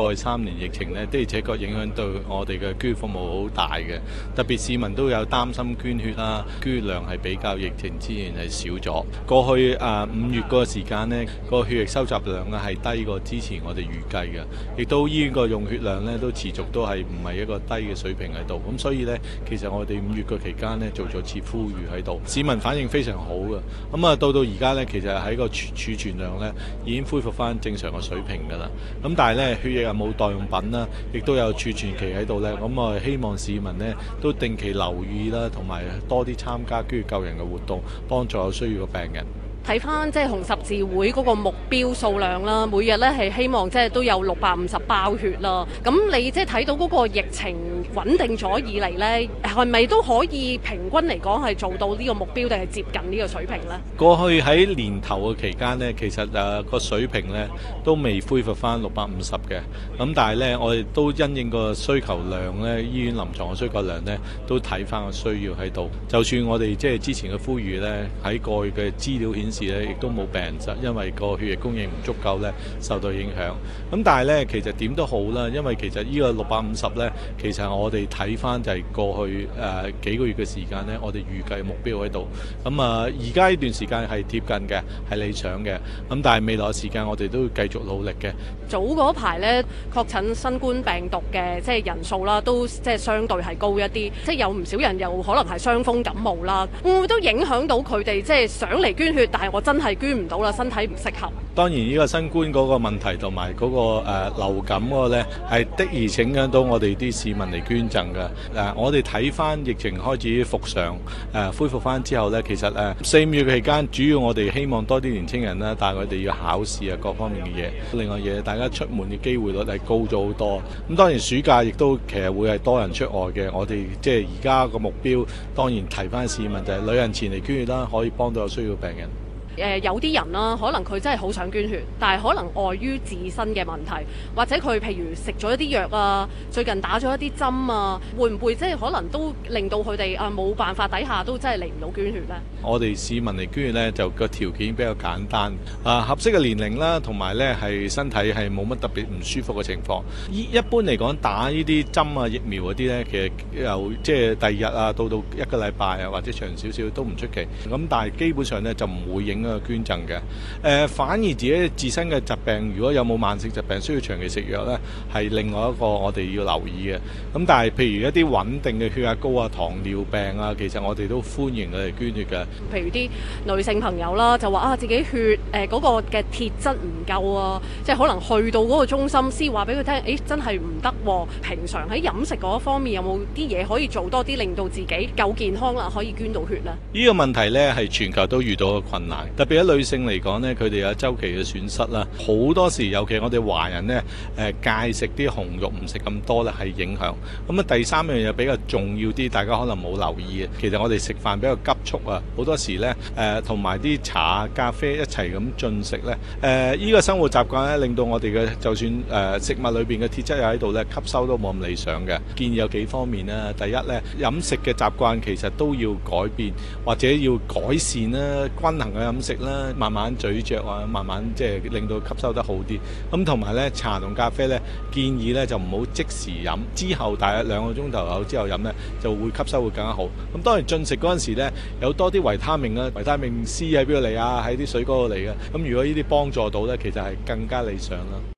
過去三年疫情呢，的而且確影響到我哋嘅捐服務好大嘅，特別市民都有擔心捐血啦，捐血量係比較疫情之前係少咗。過去啊五月個時間呢，個血液收集量啊係低過之前我哋預計嘅，亦都醫院個用血量呢，都持續都係唔係一個低嘅水平喺度。咁所以呢，其實我哋五月個期間呢，做咗次呼籲喺度，市民反應非常好嘅。咁啊到到而家呢，其實喺個儲存量呢，已經恢復返正常嘅水平㗎啦。咁但係呢，血液。冇代用品啦，亦都有儲存期喺度咧。咁啊，希望市民咧都定期留意啦，同埋多啲參加捐血救人嘅活動，幫助有需要嘅病人。睇翻即係紅十字會嗰個目標數量啦，每日咧係希望即係都有六百五十包血啦。咁你即係睇到嗰個疫情穩定咗以嚟咧，係咪都可以平均嚟講係做到呢個目標，定係接近呢個水平咧？過去喺年頭嘅期間呢，其實啊個水平咧都未恢復翻六百五十嘅。咁但係咧，我哋都因應個需求量咧，醫院臨床嘅需求量咧，都睇翻個需要喺度。就算我哋即係之前嘅呼籲咧，喺過去嘅資料顯示時咧亦都冇病人，因為個血液供應唔足夠咧，受到影響。咁但係咧，其實點都好啦，因為其實呢個六百五十咧，其實我哋睇翻就係過去誒幾個月嘅時間咧，我哋預計目標喺度。咁啊，而家呢段時間係貼近嘅，係理想嘅。咁但係未來嘅時間，我哋都會繼續努力嘅。早嗰排咧，確診新冠病毒嘅即係人數啦，都即係相對係高一啲，即係有唔少人又可能係傷風感冒啦，會唔會都影響到佢哋即係上嚟捐血？我真係捐唔到啦，身體唔適合。當然呢個新冠嗰個問題同埋嗰個流感嗰個咧，係的而影響到我哋啲市民嚟捐贈嘅。誒、啊，我哋睇翻疫情開始復常，誒、啊、恢復翻之後呢，其實誒四五月期間主要我哋希望多啲年青人啦，但係佢哋要考試啊，各方面嘅嘢。另外嘢，大家出門嘅機會率係高咗好多。咁、啊、當然暑假亦都其實會係多人出外嘅。我哋即係而家個目標當然提翻市民就係旅行前嚟捐血啦，可以幫到有需要病人。誒有啲人啦，可能佢真係好想捐血，但係可能礙於自身嘅問題，或者佢譬如食咗一啲藥啊，最近打咗一啲針啊，會唔會即係可能都令到佢哋啊冇辦法底下都真係嚟唔到捐血咧？我哋市民嚟捐血咧，就個條件比較簡單，啊合適嘅年齡啦，同埋咧係身體係冇乜特別唔舒服嘅情況。一般嚟講打呢啲針啊、疫苗嗰啲咧，其實由即係第二日啊，到到一個禮拜啊，或者長少少都唔出奇。咁但係基本上咧就唔會影。捐贈嘅、呃，反而自己自身嘅疾病，如果有冇慢性疾病需要長期食藥呢，係另外一個我哋要留意嘅。咁但係譬如一啲穩定嘅血壓高啊、糖尿病啊，其實我哋都歡迎佢哋捐血嘅。譬如啲女性朋友啦，就話啊，自己血誒、啊嗰個嘅鐵質唔夠啊，即係可能去到嗰個中心先話俾佢聽，誒真係唔得喎。平常喺飲食嗰一方面有冇啲嘢可以做多啲，令到自己夠健康啦，可以捐到血咧？呢、呢個問題呢，係全球都遇到嘅困難。特別喺女性嚟講呢，佢哋有周期嘅損失啦，好多時尤其我哋華人呢，誒戒食啲紅肉，唔食咁多呢，係影響。咁啊，第三樣嘢比較重要啲，大家可能冇留意，其實我哋食飯比較急促啊，好多時呢誒同埋啲茶咖啡一齊咁進食呢。呢、呃、依、這個生活習慣呢，令到我哋嘅就算、呃、食物裏面嘅鐵質又喺度呢吸收都冇咁理想嘅。建議有幾方面啊，第一呢，飲食嘅習慣其實都要改變或者要改善啦、啊，均衡嘅、啊、飲。食啦，慢慢咀嚼啊，慢慢即係令到吸收得好啲。咁同埋咧，茶同咖啡咧，建議咧就唔好即時飲，之後大約兩個鐘頭後之後飲咧，就會吸收會更加好。咁當然進食嗰陣時咧，有多啲維他命啊，維他命 C 喺邊度嚟啊？喺啲水果度嚟嘅。咁如果呢啲幫助到咧，其實係更加理想啦。